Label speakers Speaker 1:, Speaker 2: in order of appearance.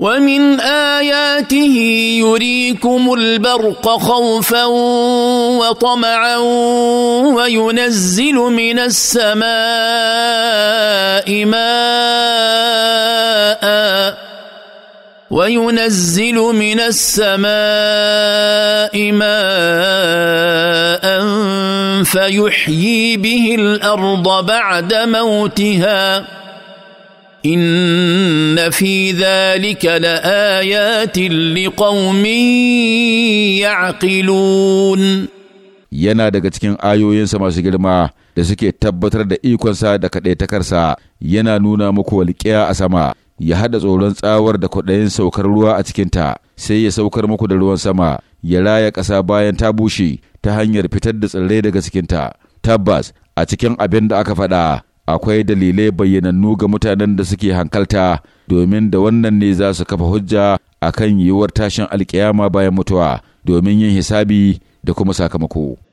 Speaker 1: ومن اياته يريكم البرق خوفا وطمعا وينزل من السماء ماء وينزل من السماء ماء فيحيي به الارض بعد موتها ان في ذلك لايات لقوم يعقلون
Speaker 2: yana daga cikin ayoyinsa masu girma da suke tabbatar da ikonsa da kaɗaitakarsa yana nuna muku walƙiya a sama ya haɗa tsoron tsawar da kwaɗayin saukar ruwa a cikinta sai ya saukar muku da ruwan sama ya raya ƙasa bayan ta bushe ta hanyar fitar da tsirrai daga cikinta tabbas a cikin abin da aka faɗa akwai dalilai bayyanannu ga mutanen da suke hankalta domin da wannan ne za su kafa hujja a kan yiwuwar tashin alkiyama bayan mutuwa domin yin hisabi da kuma sakamako.